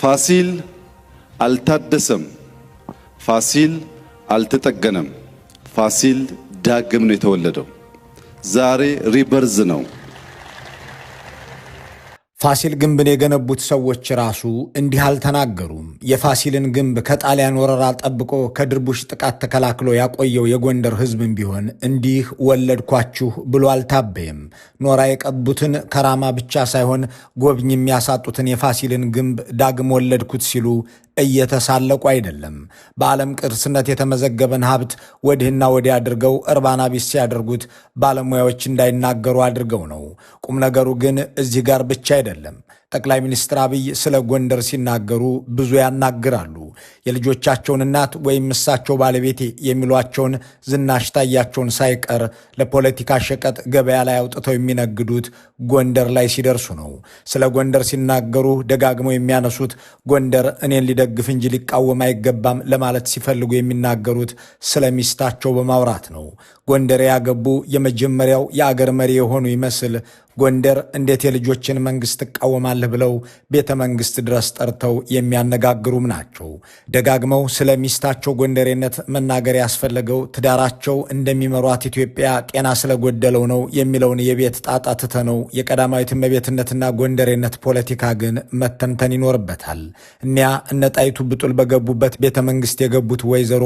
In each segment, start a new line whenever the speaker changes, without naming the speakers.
ፋሲል አልታደሰም፣ ፋሲል አልተጠገነም፣ ፋሲል ዳግም ነው የተወለደው። ዛሬ ሪበርዝ ነው።
ፋሲል ግንብን የገነቡት ሰዎች ራሱ እንዲህ አልተናገሩም። የፋሲልን ግንብ ከጣሊያን ወረራ ጠብቆ ከድርቡሽ ጥቃት ተከላክሎ ያቆየው የጎንደር ሕዝብም ቢሆን እንዲህ ወለድኳችሁ ብሎ አልታበየም። ኖራ የቀቡትን ከራማ ብቻ ሳይሆን ጎብኝ የሚያሳጡትን የፋሲልን ግንብ ዳግም ወለድኩት ሲሉ እየተሳለቁ አይደለም። በዓለም ቅርስነት የተመዘገበን ሀብት ወዲህና ወዲህ አድርገው እርባና ቢስ ሲያደርጉት ባለሙያዎች እንዳይናገሩ አድርገው ነው። ቁም ነገሩ ግን እዚህ ጋር ብቻ አይደለም። ጠቅላይ ሚኒስትር አብይ ስለ ጎንደር ሲናገሩ ብዙ ያናግራሉ። የልጆቻቸውን እናት ወይም እሳቸው ባለቤቴ የሚሏቸውን ዝናሽ ታያቸውን ሳይቀር ለፖለቲካ ሸቀጥ ገበያ ላይ አውጥተው የሚነግዱት ጎንደር ላይ ሲደርሱ ነው። ስለ ጎንደር ሲናገሩ ደጋግመው የሚያነሱት ጎንደር እኔን ሊደግፍ እንጂ ሊቃወም አይገባም ለማለት ሲፈልጉ የሚናገሩት ስለ ሚስታቸው በማውራት ነው። ጎንደር ያገቡ የመጀመሪያው የአገር መሪ የሆኑ ይመስል ጎንደር እንዴት የልጆችን መንግስት ትቃወማለህ ብለው ቤተ መንግስት ድረስ ጠርተው የሚያነጋግሩም ናቸው። ደጋግመው ስለ ሚስታቸው ጎንደሬነት መናገር ያስፈለገው ትዳራቸው እንደሚመሯት ኢትዮጵያ ጤና ስለጎደለው ነው የሚለውን የቤት ጣጣ ትተነው የቀዳማዊት እመቤትነትና ጎንደሬነት ፖለቲካ ግን መተንተን ይኖርበታል። እኒያ እነ ጣይቱ ብጡል በገቡበት ቤተ መንግስት የገቡት ወይዘሮ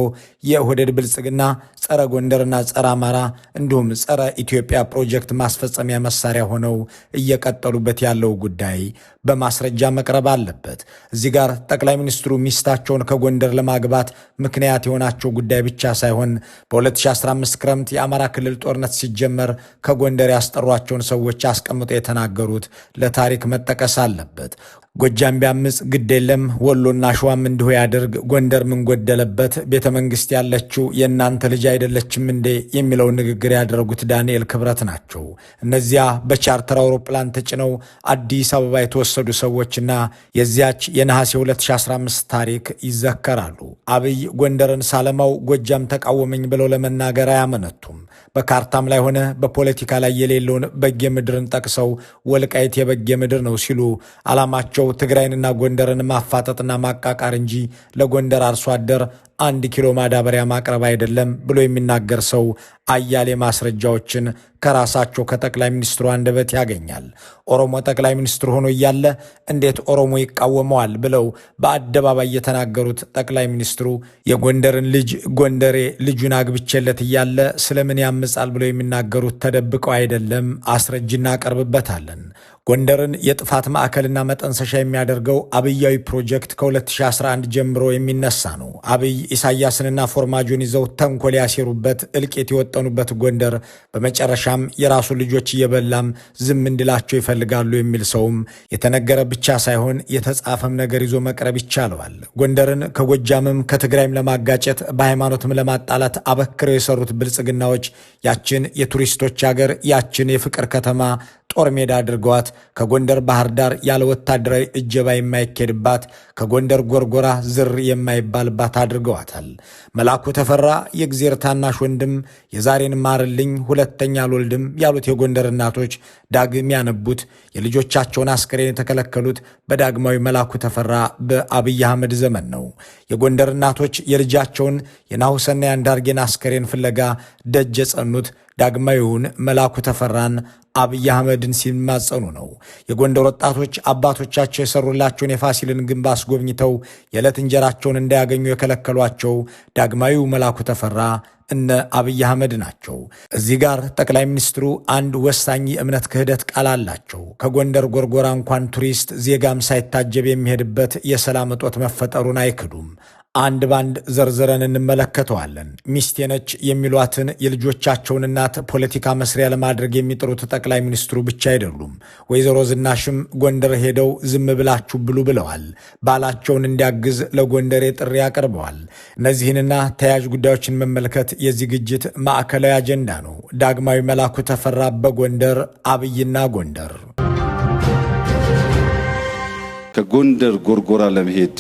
የኦህዴድ ብልጽግና ጸረ ጎንደርና ጸረ አማራ እንዲሁም ጸረ ኢትዮጵያ ፕሮጀክት ማስፈጸሚያ መሳሪያ ሆነ ነው እየቀጠሉበት ያለው ጉዳይ በማስረጃ መቅረብ አለበት። እዚህ ጋር ጠቅላይ ሚኒስትሩ ሚስታቸውን ከጎንደር ለማግባት ምክንያት የሆናቸው ጉዳይ ብቻ ሳይሆን በ2015 ክረምት የአማራ ክልል ጦርነት ሲጀመር ከጎንደር ያስጠሯቸውን ሰዎች አስቀምጦ የተናገሩት ለታሪክ መጠቀስ አለበት። ጎጃም ቢያምፅ ግድ የለም፣ ወሎና ሸዋም እንዲሁ ያድርግ፣ ጎንደር ምን ጎደለበት፣ ቤተ መንግስት ያለችው የእናንተ ልጅ አይደለችም እንዴ የሚለው ንግግር ያደረጉት ዳንኤል ክብረት ናቸው። እነዚያ በቻርተር አውሮፕላን ተጭነው አዲስ አበባ የተወሰዱ ሰዎችና የዚያች የነሐሴ 2015 ታሪክ ይዘከራሉ። አብይ ጎንደርን ሳለማው ጎጃም ተቃወመኝ ብለው ለመናገር አያመነቱም። በካርታም ላይ ሆነ በፖለቲካ ላይ የሌለውን በጌ ምድርን ጠቅሰው ወልቃይት የበጌ ምድር ነው ሲሉ ዓላማቸው ትግራይንና ጎንደርን ማፋጠጥና ማቃቃር እንጂ ለጎንደር አርሶ አደር አንድ ኪሎ ማዳበሪያ ማቅረብ አይደለም ብሎ የሚናገር ሰው አያሌ ማስረጃዎችን ከራሳቸው ከጠቅላይ ሚኒስትሩ አንደበት ያገኛል። ኦሮሞ ጠቅላይ ሚኒስትር ሆኖ እያለ እንዴት ኦሮሞ ይቃወመዋል ብለው በአደባባይ የተናገሩት ጠቅላይ ሚኒስትሩ የጎንደርን ልጅ ጎንደሬ ልጁን አግብቼለት እያለ ስለምን ያምጻል ብለው የሚናገሩት ተደብቀው አይደለም፣ አስረጅ እናቀርብበታለን። ጎንደርን የጥፋት ማዕከልና መጠንሰሻ የሚያደርገው አብያዊ ፕሮጀክት ከ2011 ጀምሮ የሚነሳ ነው። አብይ ኢሳያስንና ፎርማጆን ይዘው ተንኮል ያሴሩበት፣ እልቂት የወጠኑበት ጎንደር በመጨረሻም የራሱ ልጆች እየበላም ዝም እንድላቸው ይፈልጋሉ የሚል ሰውም የተነገረ ብቻ ሳይሆን የተጻፈም ነገር ይዞ መቅረብ ይቻለዋል። ጎንደርን ከጎጃምም ከትግራይም ለማጋጨት በሃይማኖትም ለማጣላት አበክረው የሰሩት ብልጽግናዎች ያችን የቱሪስቶች አገር ያችን የፍቅር ከተማ ጦር ሜዳ አድርገዋት ከጎንደር ባህር ዳር ያለ ወታደራዊ እጀባ የማይኬድባት ከጎንደር ጎርጎራ ዝር የማይባልባት አድርገዋታል። መልአኩ ተፈራ የእግዜር ታናሽ ወንድም የዛሬን ማርልኝ ሁለተኛ አልወልድም ያሉት የጎንደር እናቶች ዳግም ያነቡት የልጆቻቸውን አስክሬን የተከለከሉት በዳግማዊ መልአኩ ተፈራ በአብይ አህመድ ዘመን ነው። የጎንደር እናቶች የልጃቸውን የናሁሰና የአንዳርጌን አስክሬን ፍለጋ ደጅ የጸኑት ዳግማዊውን መላኩ ተፈራን አብይ አህመድን ሲማጸኑ ነው። የጎንደር ወጣቶች አባቶቻቸው የሰሩላቸውን የፋሲልን ግንብ አስጎብኝተው የዕለት እንጀራቸውን እንዳያገኙ የከለከሏቸው ዳግማዊው መላኩ ተፈራ እነ አብይ አህመድ ናቸው። እዚህ ጋር ጠቅላይ ሚኒስትሩ አንድ ወሳኝ የእምነት ክህደት ቃል አላቸው። ከጎንደር ጎርጎራ እንኳን ቱሪስት ዜጋም ሳይታጀብ የሚሄድበት የሰላም እጦት መፈጠሩን አይክዱም። አንድ ባንድ ዘርዝረን እንመለከተዋለን። ሚስቴ ነች የሚሏትን የልጆቻቸውን እናት ፖለቲካ መስሪያ ለማድረግ የሚጥሩት ጠቅላይ ሚኒስትሩ ብቻ አይደሉም። ወይዘሮ ዝናሽም ጎንደር ሄደው ዝም ብላችሁ ብሉ ብለዋል። ባላቸውን እንዲያግዝ ለጎንደሬ ጥሪ አቅርበዋል። እነዚህንና ተያያዥ ጉዳዮችን መመልከት የዚህ ማዕከላዊ አጀንዳ ነው። ዳግማዊ መላኩ ተፈራ በጎንደር አብይና ጎንደር
ከጎንደር ጎርጎራ ለመሄድ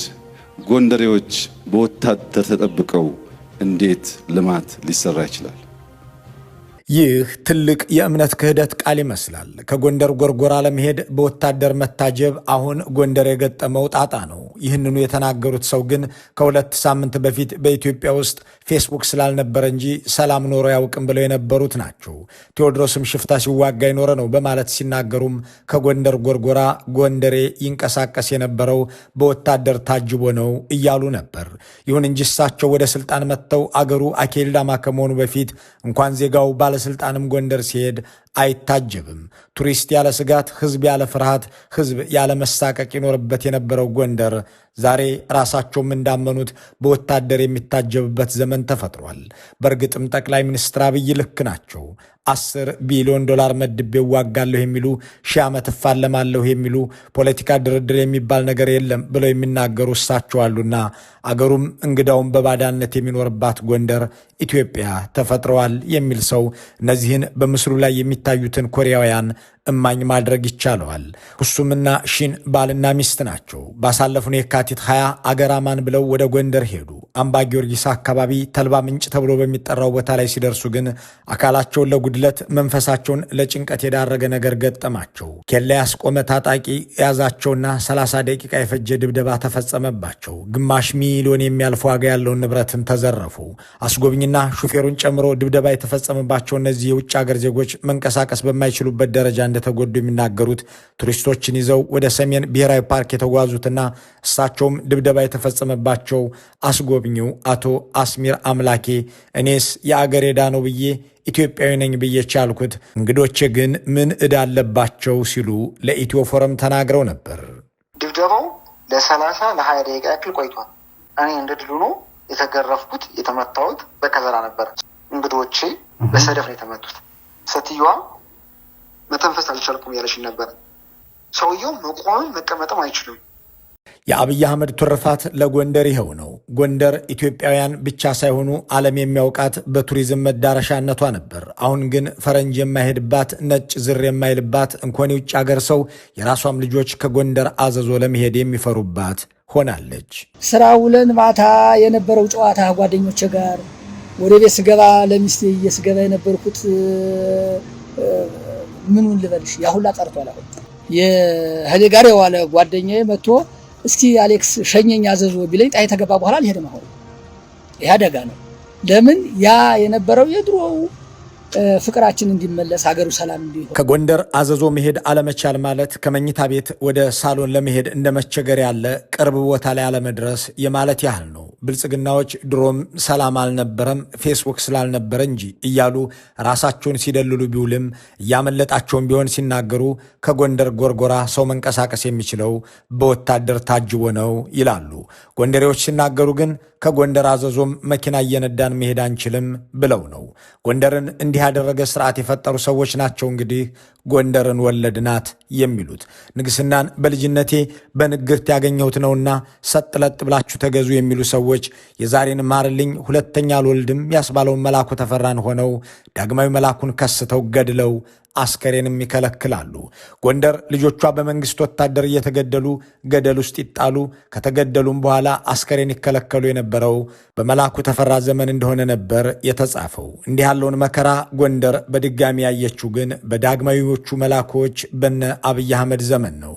ጎንደሬዎች በወታደር ተጠብቀው እንዴት ልማት ሊሰራ ይችላል?
ይህ ትልቅ የእምነት ክህደት ቃል ይመስላል። ከጎንደር ጎርጎራ ለመሄድ በወታደር መታጀብ አሁን ጎንደር የገጠመው ጣጣ ነው። ይህንኑ የተናገሩት ሰው ግን ከሁለት ሳምንት በፊት በኢትዮጵያ ውስጥ ፌስቡክ ስላልነበረ እንጂ ሰላም ኖሮ ያውቅም ብለው የነበሩት ናቸው። ቴዎድሮስም ሽፍታ ሲዋጋ ይኖረ ነው በማለት ሲናገሩም ከጎንደር ጎርጎራ ጎንደሬ ይንቀሳቀስ የነበረው በወታደር ታጅቦ ነው እያሉ ነበር። ይሁን እንጂ እሳቸው ወደ ስልጣን መጥተው አገሩ አኬልዳማ ከመሆኑ በፊት እንኳን ዜጋው ባ ባለሥልጣንም ጎንደር ሲሄድ አይታጀብም። ቱሪስት ያለ ስጋት፣ ሕዝብ ያለ ፍርሃት፣ ሕዝብ ያለ መሳቀቅ ይኖርበት የነበረው ጎንደር ዛሬ ራሳቸውም እንዳመኑት በወታደር የሚታጀብበት ዘመን ተፈጥሯል። በእርግጥም ጠቅላይ ሚኒስትር አብይ ልክ ናቸው። አስር ቢሊዮን ዶላር መድቤ እዋጋለሁ የሚሉ ሺህ ዓመት እፋለማለሁ የሚሉ ፖለቲካ ድርድር የሚባል ነገር የለም ብለው የሚናገሩ እሳቸው አሉና አገሩም እንግዳውም በባዳነት የሚኖርባት ጎንደር ኢትዮጵያ ተፈጥረዋል የሚል ሰው እነዚህን በምስሉ ላይ የሚታዩትን ኮሪያውያን እማኝ ማድረግ ይቻለዋል። ሁሱምና ሺን ባልና ሚስት ናቸው። ባሳለፉን የካቲት ሀያ አገራማን ብለው ወደ ጎንደር ሄዱ። አምባ ጊዮርጊስ አካባቢ ተልባ ምንጭ ተብሎ በሚጠራው ቦታ ላይ ሲደርሱ ግን አካላቸውን ለጉድለት መንፈሳቸውን ለጭንቀት የዳረገ ነገር ገጠማቸው። ኬላ ያስቆመ ታጣቂ የያዛቸውና 30 ደቂቃ የፈጀ ድብደባ ተፈጸመባቸው። ግማሽ ሚሊዮን የሚያልፉ ዋጋ ያለውን ንብረትን ተዘረፉ። አስጎብኝና ሹፌሩን ጨምሮ ድብደባ የተፈጸመባቸው እነዚህ የውጭ አገር ዜጎች መንቀሳቀስ በማይችሉበት ደረጃ እንደተጎዱ የሚናገሩት ቱሪስቶችን ይዘው ወደ ሰሜን ብሔራዊ ፓርክ የተጓዙትና እሳቸውም ድብደባ የተፈጸመባቸው አስጎብኚው አቶ አስሚር አምላኬ እኔስ የአገሬ ዕዳ ነው ብዬ ኢትዮጵያዊ ነኝ ብዬ ቻልኩት፣ እንግዶቼ ግን ምን ዕዳ አለባቸው ሲሉ ለኢትዮ ፎረም ተናግረው ነበር።
ድብደባው ለሰላሳ ለሀያ ደቂቃ ያክል ቆይቷል። እኔ እንደ ድሉ ነው የተገረፍኩት የተመታሁት በከዘራ ነበር። እንግዶቼ በሰደፍ ነው የተመቱት። ሴትዮዋ መተንፈስ አልቻልኩም እያለሽኝ ነበር። ሰውየው መቆምም መቀመጥም አይችልም።
የአብይ አህመድ ትሩፋት ለጎንደር ይኸው ነው። ጎንደር ኢትዮጵያውያን ብቻ ሳይሆኑ ዓለም የሚያውቃት በቱሪዝም መዳረሻነቷ ነበር። አሁን ግን ፈረንጅ የማይሄድባት ነጭ ዝር የማይልባት እንኳን የውጭ አገር ሰው የራሷም ልጆች ከጎንደር አዘዞ ለመሄድ የሚፈሩባት ሆናለች።
ስራ ውለን ማታ የነበረው ጨዋታ ጓደኞች ጋር ወደ ቤት ስገባ ለሚስቴ እየስገባ የነበርኩት ምን ልበልሽ ያሁላ ጠርቷል። አሁን የህሌ ጋር የዋለ ጓደኛዬ መጥቶ እስኪ አሌክስ ሸኘኝ አዘዞ ቢለኝ ጣይ ተገባ በኋላ አልሄድም። አሁን ይህ አደጋ ነው። ለምን ያ የነበረው የድሮው ፍቅራችን እንዲመለስ ሀገሩ ሰላም እንዲሆን።
ከጎንደር አዘዞ መሄድ አለመቻል ማለት ከመኝታ ቤት ወደ ሳሎን ለመሄድ እንደ መቸገር ያለ ቅርብ ቦታ ላይ አለመድረስ የማለት ያህል ነው። ብልጽግናዎች ድሮም ሰላም አልነበረም ፌስቡክ ስላልነበረ እንጂ እያሉ ራሳቸውን ሲደልሉ ቢውልም እያመለጣቸውን ቢሆን ሲናገሩ ከጎንደር ጎርጎራ ሰው መንቀሳቀስ የሚችለው በወታደር ታጅቦ ነው ይላሉ። ጎንደሬዎች ሲናገሩ ግን ከጎንደር አዘዞም መኪና እየነዳን መሄድ አንችልም ብለው ነው። ጎንደርን እንዲህ ያደረገ ስርዓት የፈጠሩ ሰዎች ናቸው እንግዲህ ጎንደርን ወለድናት የሚሉት። ንግስናን በልጅነቴ በንግርት ያገኘሁት ነውና ሰጥለጥ ብላችሁ ተገዙ የሚሉ ሰዎች የዛሬን ማርልኝ ሁለተኛ አልወልድም ያስባለውን መላኩ ተፈራን ሆነው ዳግማዊ መላኩን ከስተው ገድለው አስከሬንም ይከለክላሉ። ጎንደር ልጆቿ በመንግስት ወታደር እየተገደሉ ገደል ውስጥ ይጣሉ፣ ከተገደሉም በኋላ አስከሬን ይከለከሉ የነበረው በመላኩ ተፈራ ዘመን እንደሆነ ነበር የተጻፈው። እንዲህ ያለውን መከራ ጎንደር በድጋሚ ያየችው ግን በዳግማዊዎቹ መላኮች በነ አብይ አህመድ ዘመን ነው።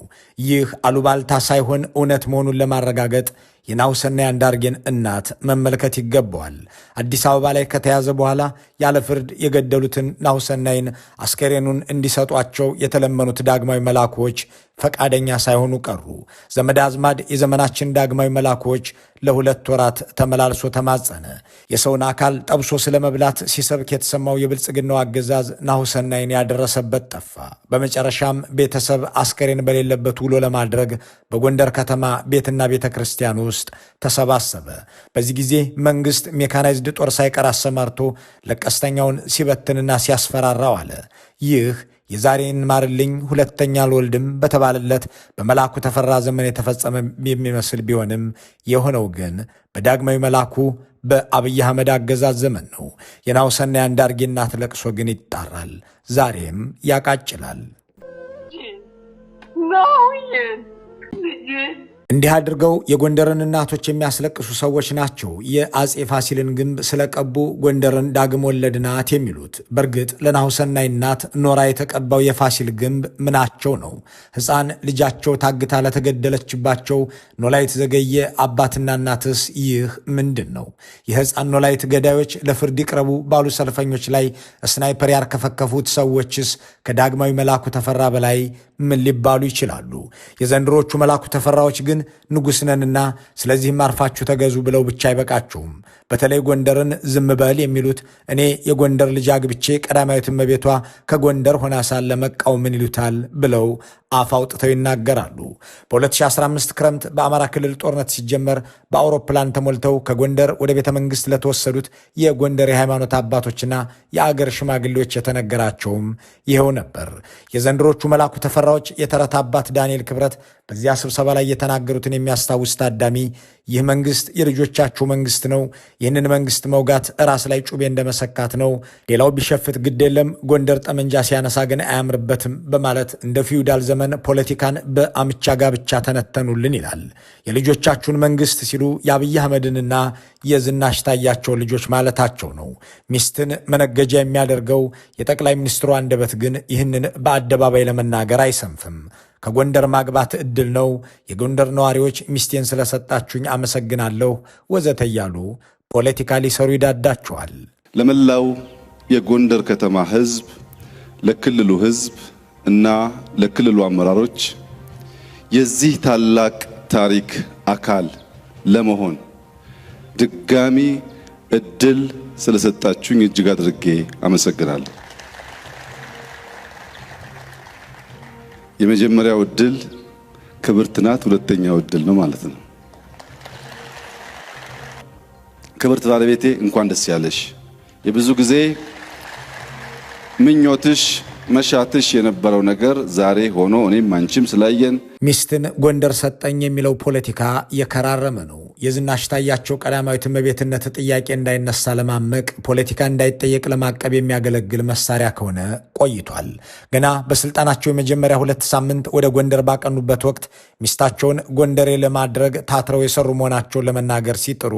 ይህ አሉባልታ ሳይሆን እውነት መሆኑን ለማረጋገጥ የናሁሰናይ አንዳርጌን እናት መመልከት ይገባዋል። አዲስ አበባ ላይ ከተያዘ በኋላ ያለ ፍርድ የገደሉትን ናሁሰናይን አስከሬኑን እንዲሰጧቸው የተለመኑት ዳግማዊ መላኮች ፈቃደኛ ሳይሆኑ ቀሩ። ዘመድ አዝማድ የዘመናችን ዳግማዊ መላኮች ለሁለት ወራት ተመላልሶ ተማጸነ። የሰውን አካል ጠብሶ ስለ መብላት ሲሰብክ የተሰማው የብልጽግናው አገዛዝ ናሁሰናይን ያደረሰበት ጠፋ። በመጨረሻም ቤተሰብ አስከሬን በሌለበት ውሎ ለማድረግ በጎንደር ከተማ ቤትና ቤተ ክርስቲያን ውስጥ ተሰባሰበ። በዚህ ጊዜ መንግስት ሜካናይዝድ ጦር ሳይቀር አሰማርቶ ለቀስተኛውን ሲበትንና ሲያስፈራራው አለ። ይህ የዛሬን ማርልኝ ሁለተኛ አልወልድም በተባለለት በመልአኩ ተፈራ ዘመን የተፈጸመ የሚመስል ቢሆንም የሆነው ግን በዳግማዊ መልአኩ በአብይ አህመድ አገዛዝ ዘመን ነው። የናውሰና አንዳርጌ እናት ለቅሶ ግን ይጣራል፣ ዛሬም ያቃጭላል። እንዲህ አድርገው የጎንደርን እናቶች የሚያስለቅሱ ሰዎች ናቸው የአጼ ፋሲልን ግንብ ስለቀቡ ጎንደርን ዳግም ወለድ ናት የሚሉት። በእርግጥ ለናሁሰናይ እናት ኖራ የተቀባው የፋሲል ግንብ ምናቸው ነው? ሕፃን ልጃቸው ታግታ ለተገደለችባቸው ኖላይት ዘገየ አባትና እናትስ ይህ ምንድን ነው? የሕፃን ኖላይት ገዳዮች ለፍርድ ይቅረቡ ባሉ ሰልፈኞች ላይ ስናይፐር ያርከፈከፉት ሰዎችስ ከዳግማዊ መላኩ ተፈራ በላይ ምን ሊባሉ ይችላሉ? የዘንድሮቹ መላኩ ተፈራዎች ግን ንጉሥ ነንና ስለዚህም አርፋችሁ ተገዙ ብለው ብቻ አይበቃችሁም። በተለይ ጎንደርን ዝም በል የሚሉት እኔ የጎንደር ልጅ አግብቼ ቀዳማዊት እመቤቷ ከጎንደር ሆና ሳለ መቃወምን ይሉታል ብለው አፍ አውጥተው ይናገራሉ። በ2015 ክረምት በአማራ ክልል ጦርነት ሲጀመር በአውሮፕላን ተሞልተው ከጎንደር ወደ ቤተ መንግሥት ለተወሰዱት የጎንደር የሃይማኖት አባቶችና የአገር ሽማግሌዎች የተነገራቸውም ይኸው ነበር። የዘንድሮቹ መላኩ ተፈራ ጠንካራዎች የተረት አባት ዳንኤል ክብረት በዚያ ስብሰባ ላይ የተናገሩትን የሚያስታውስ ታዳሚ ይህ መንግስት የልጆቻችሁ መንግስት ነው። ይህንን መንግስት መውጋት ራስ ላይ ጩቤ እንደመሰካት ነው። ሌላው ቢሸፍት ግድ የለም፣ ጎንደር ጠመንጃ ሲያነሳ ግን አያምርበትም በማለት እንደ ፊውዳል ዘመን ፖለቲካን በአምቻ ጋብቻ ተነተኑልን ይላል። የልጆቻችሁን መንግስት ሲሉ የአብይ አህመድንና የዝናሽ ታያቸው ልጆች ማለታቸው ነው። ሚስትን መነገጃ የሚያደርገው የጠቅላይ ሚኒስትሩ አንደበት ግን ይህንን በአደባባይ ለመናገር አይሰንፍም። ከጎንደር ማግባት እድል ነው፣ የጎንደር ነዋሪዎች ሚስቴን ስለሰጣችሁኝ አመሰግናለሁ፣ ወዘተ እያሉ ፖለቲካ ሊሰሩ ይዳዳቸዋል።
ለመላው የጎንደር ከተማ ህዝብ ለክልሉ ህዝብ እና ለክልሉ አመራሮች የዚህ ታላቅ ታሪክ አካል ለመሆን ድጋሚ እድል ስለሰጣችሁኝ እጅግ አድርጌ አመሰግናለሁ። የመጀመሪያው እድል ክብርት ናት፣ ሁለተኛው እድል ነው ማለት ነው። ክብርት ባለቤቴ እንኳን ደስ ያለሽ። የብዙ ጊዜ ምኞትሽ መሻትሽ የነበረው ነገር ዛሬ ሆኖ እኔም አንቺም ስላየን
ሚስትን ጎንደር ሰጠኝ የሚለው ፖለቲካ የከራረመ ነው። የዝናሽ ታያቸው ቀዳማዊት እመቤትነት ጥያቄ እንዳይነሳ ለማመቅ ፖለቲካ እንዳይጠየቅ ለማቀብ የሚያገለግል መሳሪያ ከሆነ ቆይቷል። ገና በስልጣናቸው የመጀመሪያ ሁለት ሳምንት ወደ ጎንደር ባቀኑበት ወቅት ሚስታቸውን ጎንደሬ ለማድረግ ታትረው የሰሩ መሆናቸውን ለመናገር ሲጥሩ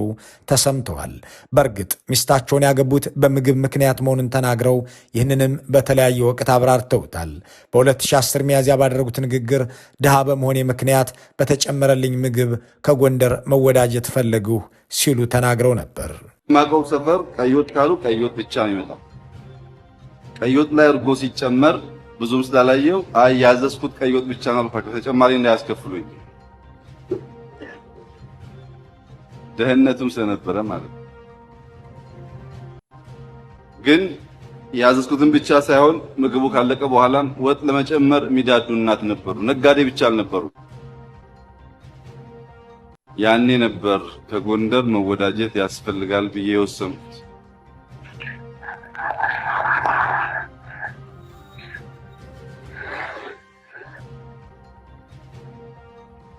ተሰምተዋል። በእርግጥ ሚስታቸውን ያገቡት በምግብ ምክንያት መሆኑን ተናግረው ይህንንም በተለያየ ወቅት አብራርተውታል። በ2010 ሚያዝያ ባደረጉት ንግግር ድሃ በመሆኔ ምክንያት በተጨመረልኝ ምግብ ከጎንደር መወዳጀት ፈለግሁ ሲሉ ተናግረው ነበር።
ማቀው ሰፈር ቀይወጥ ካሉ ቀይወጥ ብቻ ነው ይመጣው። ቀይወጥ ላይ እርጎ ሲጨመር ብዙም ስላላየው አይ ያዘዝኩት ቀይወጥ ብቻ ነው፣ ተጨማሪ እንዳያስከፍሉኝ ደህንነቱም ስለነበረ ማለት ነው ግን ያዘዝኩትን ብቻ ሳይሆን ምግቡ ካለቀ በኋላም ወጥ ለመጨመር የሚዳዱ እናት ነበሩ። ነጋዴ ብቻ አልነበሩ። ያኔ ነበር ከጎንደር መወዳጀት ያስፈልጋል ብዬ የወሰንኩት።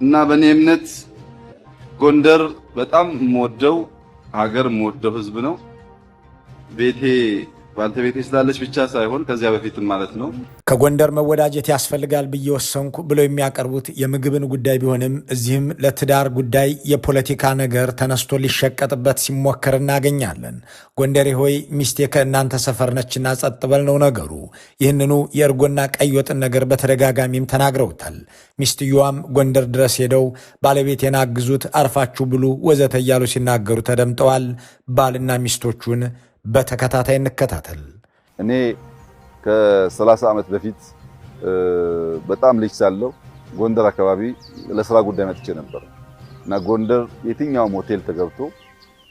እና በእኔ እምነት ጎንደር በጣም የምወደው ሀገር የምወደው ህዝብ ነው ቤቴ ባልተቤቴ ስላለች ብቻ ሳይሆን ከዚያ በፊትም ማለት ነው
ከጎንደር መወዳጀት ያስፈልጋል ብዬ ወሰንኩ ብለው የሚያቀርቡት የምግብን ጉዳይ ቢሆንም እዚህም ለትዳር ጉዳይ የፖለቲካ ነገር ተነስቶ ሊሸቀጥበት ሲሞከር እናገኛለን። ጎንደሬ ሆይ ሚስቴ ከእናንተ ሰፈር ነችና ጸጥ በል ነው ነገሩ። ይህንኑ የእርጎና ቀይ ወጥን ነገር በተደጋጋሚም ተናግረውታል። ሚስትየዋም ጎንደር ድረስ ሄደው ባለቤቴን አግዙት፣ አርፋችሁ ብሉ፣ ወዘተ እያሉ ሲናገሩ ተደምጠዋል። ባልና ሚስቶቹን በተከታታይ እንከታተል።
እኔ ከ30 ዓመት በፊት በጣም ልጅ ሳለሁ ጎንደር አካባቢ ለስራ ጉዳይ መጥቼ ነበር እና ጎንደር የትኛውም ሆቴል ተገብቶ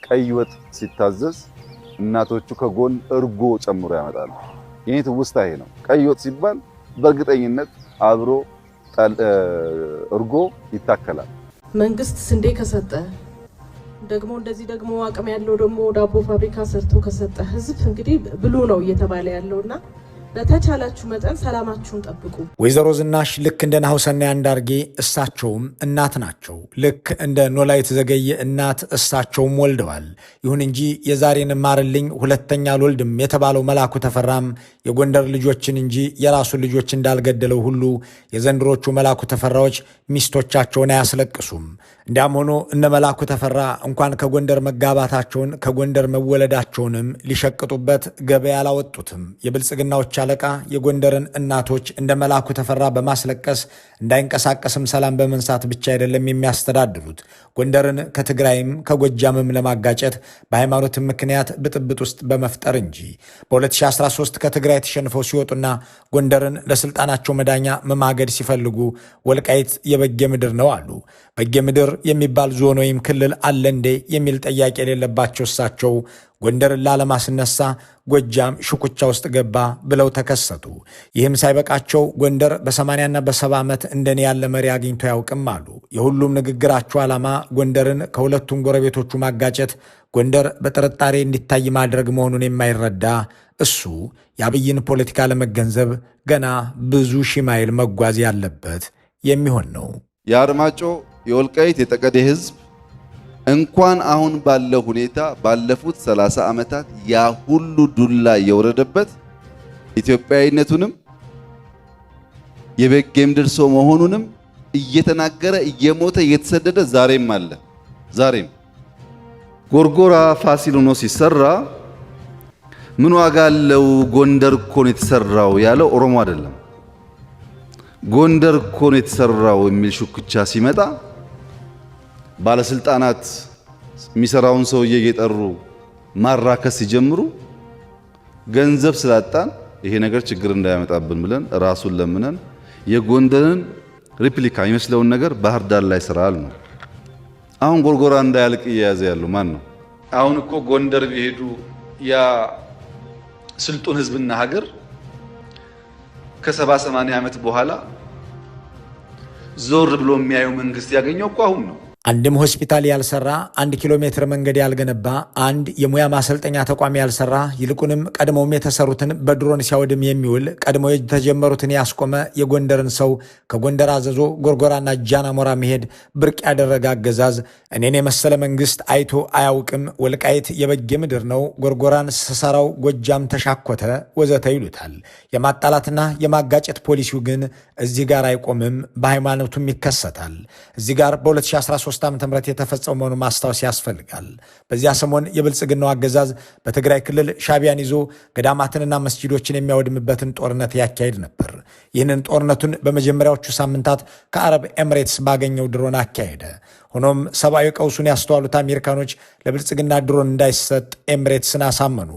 ቀይ ወጥ ሲታዘዝ እናቶቹ ከጎን እርጎ ጨምሮ ያመጣሉ። የኔ ትውስታ ይሄ ነው። ቀይ ወጥ ሲባል በእርግጠኝነት አብሮ እርጎ ይታከላል።
መንግስት ስንዴ ከሰጠ ደግሞ እንደዚህ ደግሞ አቅም ያለው ደግሞ ዳቦ ፋብሪካ ሰርቶ ከሰጠ ህዝብ እንግዲህ ብሉ ነው እየተባለ ያለው እና በተቻላችሁ መጠን ሰላማችሁን ጠብቁ።
ወይዘሮ ዝናሽ ልክ እንደ ናሁሰናይ አንዳርጌ እሳቸውም እናት ናቸው። ልክ እንደ ኖላዊት የተዘገየ እናት እሳቸውም ወልደዋል። ይሁን እንጂ የዛሬን ማርልኝ ሁለተኛ አልወልድም የተባለው መላኩ ተፈራም የጎንደር ልጆችን እንጂ የራሱን ልጆች እንዳልገደለው ሁሉ የዘንድሮቹ መላኩ ተፈራዎች ሚስቶቻቸውን አያስለቅሱም። እንዲያም ሆኖ እነ መላኩ ተፈራ እንኳን ከጎንደር መጋባታቸውን ከጎንደር መወለዳቸውንም ሊሸቅጡበት ገበያ አላወጡትም። የብልጽግናዎች አለቃ የጎንደርን እናቶች እንደ መላኩ ተፈራ በማስለቀስ እንዳይንቀሳቀስም ሰላም በመንሳት ብቻ አይደለም የሚያስተዳድሩት። ጎንደርን ከትግራይም ከጎጃምም ለማጋጨት በሃይማኖት ምክንያት ብጥብጥ ውስጥ በመፍጠር እንጂ በ2013 ከትግራይ ተሸንፈው ሲወጡና ጎንደርን ለስልጣናቸው መዳኛ መማገድ ሲፈልጉ ወልቃይት የበጌ ምድር ነው አሉ። በጌ ምድር የሚባል ዞን ወይም ክልል አለ እንዴ የሚል ጥያቄ የሌለባቸው እሳቸው ጎንደርን ላለማስነሳ ጎጃም ሽኩቻ ውስጥ ገባ ብለው ተከሰቱ። ይህም ሳይበቃቸው ጎንደር በሰማንያና በሰባ ዓመት እንደኔ ያለ መሪ አግኝቶ ያውቅም አሉ። የሁሉም ንግግራቸው ዓላማ ጎንደርን ከሁለቱም ጎረቤቶቹ ማጋጨት፣ ጎንደር በጥርጣሬ እንዲታይ ማድረግ መሆኑን የማይረዳ እሱ የአብይን ፖለቲካ ለመገንዘብ ገና ብዙ ሺህ ማይል መጓዝ ያለበት የሚሆን ነው።
የአርማጮ የወልቃይት የጠቀዴ ህዝብ እንኳን አሁን ባለው ሁኔታ ባለፉት 30 ዓመታት ያ ሁሉ ዱላ የወረደበት ኢትዮጵያዊነቱንም የቤጌም ደርሶ መሆኑንም እየተናገረ እየሞተ እየተሰደደ ዛሬም አለ። ዛሬም ጎርጎራ ፋሲል ሆኖ ሲሰራ ምን ዋጋ አለው? ጎንደር እኮ ነው የተሰራው ያለው ኦሮሞ አይደለም። ጎንደር እኮ ነው የተሰራው የሚል ሹክቻ ሲመጣ ባለስልጣናት የሚሰራውን ሰውዬ እየጠሩ ማራከስ ሲጀምሩ ገንዘብ ስላጣን ይሄ ነገር ችግር እንዳያመጣብን ብለን ራሱን ለምነን የጎንደርን ሪፕሊካ የሚመስለውን ነገር ባህር ዳር ላይ ስራል ነው። አሁን ጎርጎራ እንዳያልቅ እየያዘ ያለው ማን ነው? አሁን እኮ ጎንደር ቢሄዱ ያ ስልጡን ህዝብና ሀገር ከሰባ ሰማንያ ዓመት በኋላ ዞር ብሎ የሚያየው መንግስት ያገኘው እኮ አሁን ነው።
አንድም ሆስፒታል ያልሰራ፣ አንድ ኪሎ ሜትር መንገድ ያልገነባ፣ አንድ የሙያ ማሰልጠኛ ተቋም ያልሰራ፣ ይልቁንም ቀድሞውም የተሰሩትን በድሮን ሲያወድም የሚውል ቀድሞ የተጀመሩትን ያስቆመ የጎንደርን ሰው ከጎንደር አዘዞ ጎርጎራና ጃናሞራ መሄድ ብርቅ ያደረገ አገዛዝ እኔን የመሰለ መንግስት አይቶ አያውቅም። ወልቃይት የበጌ ምድር ነው፣ ጎርጎራን ስሰራው ጎጃም ተሻኮተ ወዘተ ይሉታል። የማጣላትና የማጋጨት ፖሊሲው ግን እዚህ ጋር አይቆምም፣ በሃይማኖቱም ይከሰታል። እዚህ ጋር በ2013 2013 ዓ ም የተፈጸመ መሆኑን ማስታወስ ያስፈልጋል። በዚያ ሰሞን የብልጽግናው አገዛዝ በትግራይ ክልል ሻቢያን ይዞ ገዳማትንና መስጂዶችን የሚያወድምበትን ጦርነት ያካሄድ ነበር። ይህንን ጦርነቱን በመጀመሪያዎቹ ሳምንታት ከአረብ ኤምሬትስ ባገኘው ድሮን አካሄደ። ሆኖም ሰብአዊ ቀውሱን ያስተዋሉት አሜሪካኖች ለብልጽግና ድሮን እንዳይሰጥ ኤምሬትስን አሳመኑ።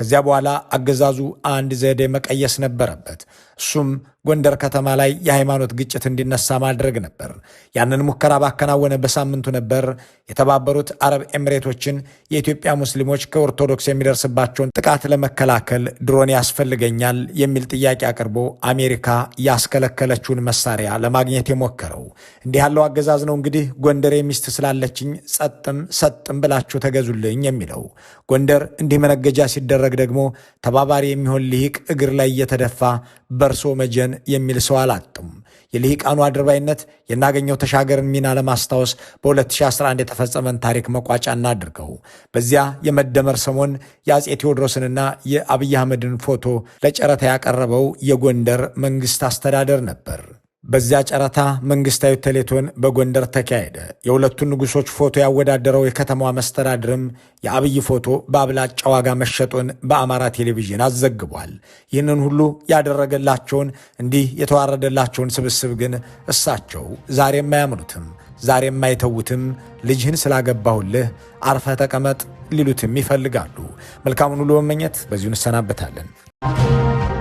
ከዚያ በኋላ አገዛዙ አንድ ዘዴ መቀየስ ነበረበት። እሱም ጎንደር ከተማ ላይ የሃይማኖት ግጭት እንዲነሳ ማድረግ ነበር። ያንን ሙከራ ባከናወነ በሳምንቱ ነበር የተባበሩት አረብ ኤምሬቶችን የኢትዮጵያ ሙስሊሞች ከኦርቶዶክስ የሚደርስባቸውን ጥቃት ለመከላከል ድሮን ያስፈልገኛል የሚል ጥያቄ አቅርቦ አሜሪካ ያስከለከለችውን መሳሪያ ለማግኘት የሞከረው። እንዲህ ያለው አገዛዝ ነው እንግዲህ ጎንደር ሚስት ስላለችኝ ጸጥም ሰጥም ብላችሁ ተገዙልኝ የሚለው ጎንደር እንዲህ መነገጃ ሲደረግ ደግሞ ተባባሪ የሚሆን ልሂቅ እግር ላይ እየተደፋ በርሶ መጀን የሚል ሰው አላጡም። የልሂቃኑ አድርባይነት የናገኘው ተሻገርን ሚና ለማስታወስ በ2011 የተፈጸመን ታሪክ መቋጫ አድርገው በዚያ የመደመር ሰሞን የአጼ ቴዎድሮስንና የአብይ አህመድን ፎቶ ለጨረታ ያቀረበው የጎንደር መንግስት አስተዳደር ነበር። በዚያ ጨረታ መንግስታዊ ቴሌቶን በጎንደር ተካሄደ። የሁለቱን ንጉሶች ፎቶ ያወዳደረው የከተማዋ መስተዳድርም የአብይ ፎቶ በአብላጫ ዋጋ መሸጡን በአማራ ቴሌቪዥን አዘግቧል። ይህንን ሁሉ ያደረገላቸውን እንዲህ የተዋረደላቸውን ስብስብ ግን እሳቸው ዛሬም የማያምኑትም ዛሬም የማይተዉትም ልጅህን ስላገባሁልህ አርፈ ተቀመጥ ሊሉትም ይፈልጋሉ። መልካሙን ሁሉ መመኘት በዚሁ እንሰናበታለን።